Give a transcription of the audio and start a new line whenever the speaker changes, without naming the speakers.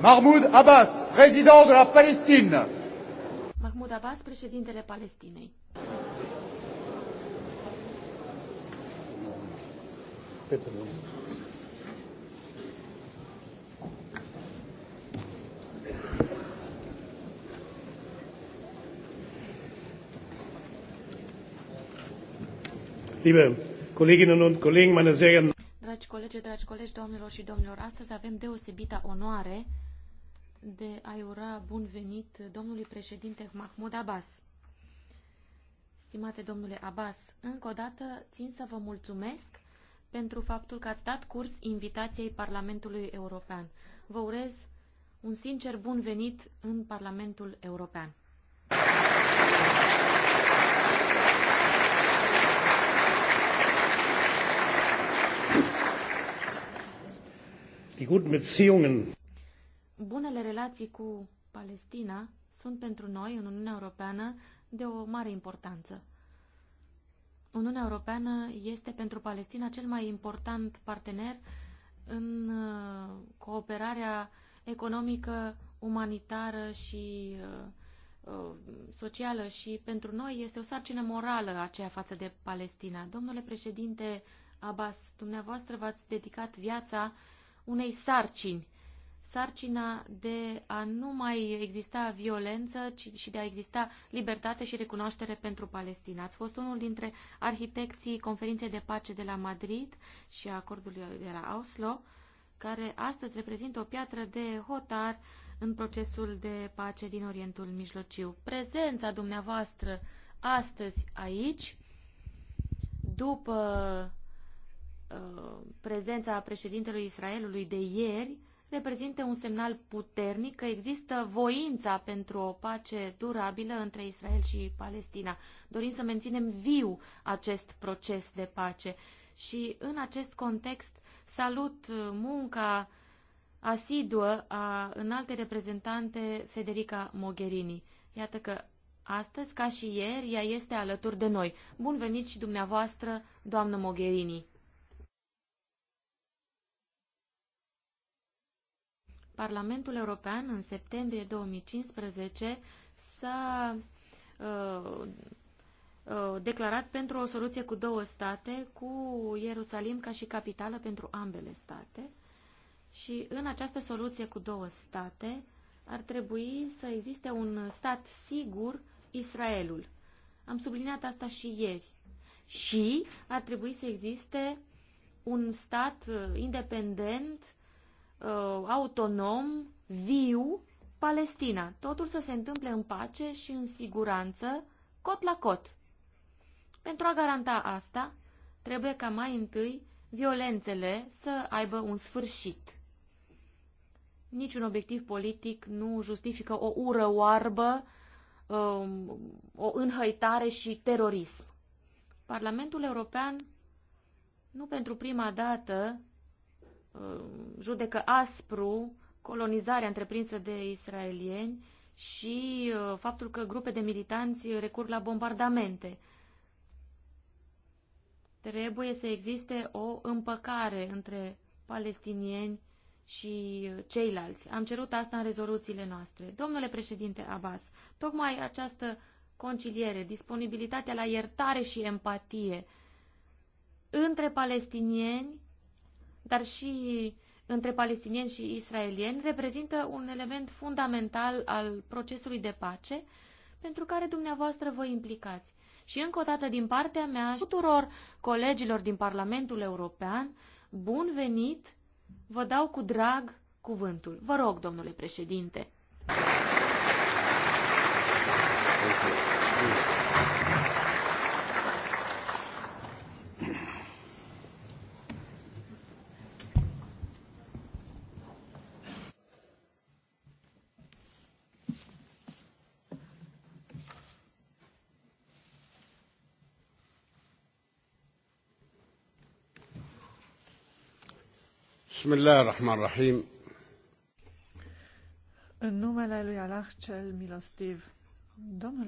Mahmoud Abbas, président de la Palestine. Mahmoud Abbas, președintele Palestinei. Liebe Kolleginnen und Kollegen, meine sehr geehrten Dragi colegi, dragi colegi, domnilor și domnilor, astăzi avem deosebită onoare de a-i ura bun venit domnului președinte Mahmoud Abbas. Stimate domnule Abbas, încă o dată țin să vă mulțumesc pentru faptul că ați dat curs invitației Parlamentului European. Vă urez un sincer bun venit în Parlamentul European. Die guten Beziehungen bunele relații cu Palestina sunt pentru noi, în Uniunea Europeană, de o mare importanță. Uniunea Europeană este pentru Palestina cel mai important partener în uh, cooperarea economică, umanitară și uh, uh, socială și pentru noi este o sarcină morală aceea față de Palestina. Domnule președinte Abbas, dumneavoastră v-ați dedicat viața unei sarcini sarcina de a nu mai exista violență, ci și de a exista libertate și recunoaștere pentru Palestina. Ați fost unul dintre arhitecții conferinței de pace de la Madrid și a acordului de la Oslo, care astăzi reprezintă o piatră de hotar în procesul de pace din Orientul Mijlociu. Prezența dumneavoastră astăzi aici, după uh, prezența președintelui Israelului de ieri, reprezinte un semnal puternic că există voința pentru o pace durabilă între Israel și Palestina. Dorim să menținem viu acest proces de pace și în acest context salut munca asiduă a înaltei reprezentante Federica Mogherini. Iată că astăzi, ca și ieri, ea este alături de noi. Bun venit și dumneavoastră, doamnă Mogherini! Parlamentul European în septembrie 2015 s-a uh, uh, declarat pentru o soluție cu două state, cu Ierusalim ca și capitală pentru ambele state. Și în această soluție cu două state ar trebui să existe un stat sigur, Israelul. Am subliniat asta și ieri. Și ar trebui să existe un stat uh, independent uh, autonom, viu, Palestina. Totul să se întâmple în pace și în siguranță, cot la cot. Pentru a garanta asta, trebuie ca mai întâi violențele să aibă un sfârșit. Niciun obiectiv politic nu justifică o ură oarbă, um, o înhăitare și terorism. Parlamentul European nu pentru prima dată Uh, judecă aspru colonizarea întreprinsă de israelieni și uh, faptul că grupe de militanți recurg la bombardamente. Trebuie să existe o împăcare între palestinieni și uh, ceilalți. Am cerut asta în rezoluțiile noastre. Domnule președinte Abbas, tocmai această conciliere, disponibilitatea la iertare și empatie între palestinieni dar și între palestinieni și israelieni, reprezintă un element fundamental al procesului de pace pentru care dumneavoastră vă implicați. Și încă o dată din partea mea și tuturor colegilor din Parlamentul European, bun venit, vă dau cu drag cuvântul. Vă rog, domnule președinte. Bismillahirrahmanirrahim. În numele lui Allah cel milostiv. Domnul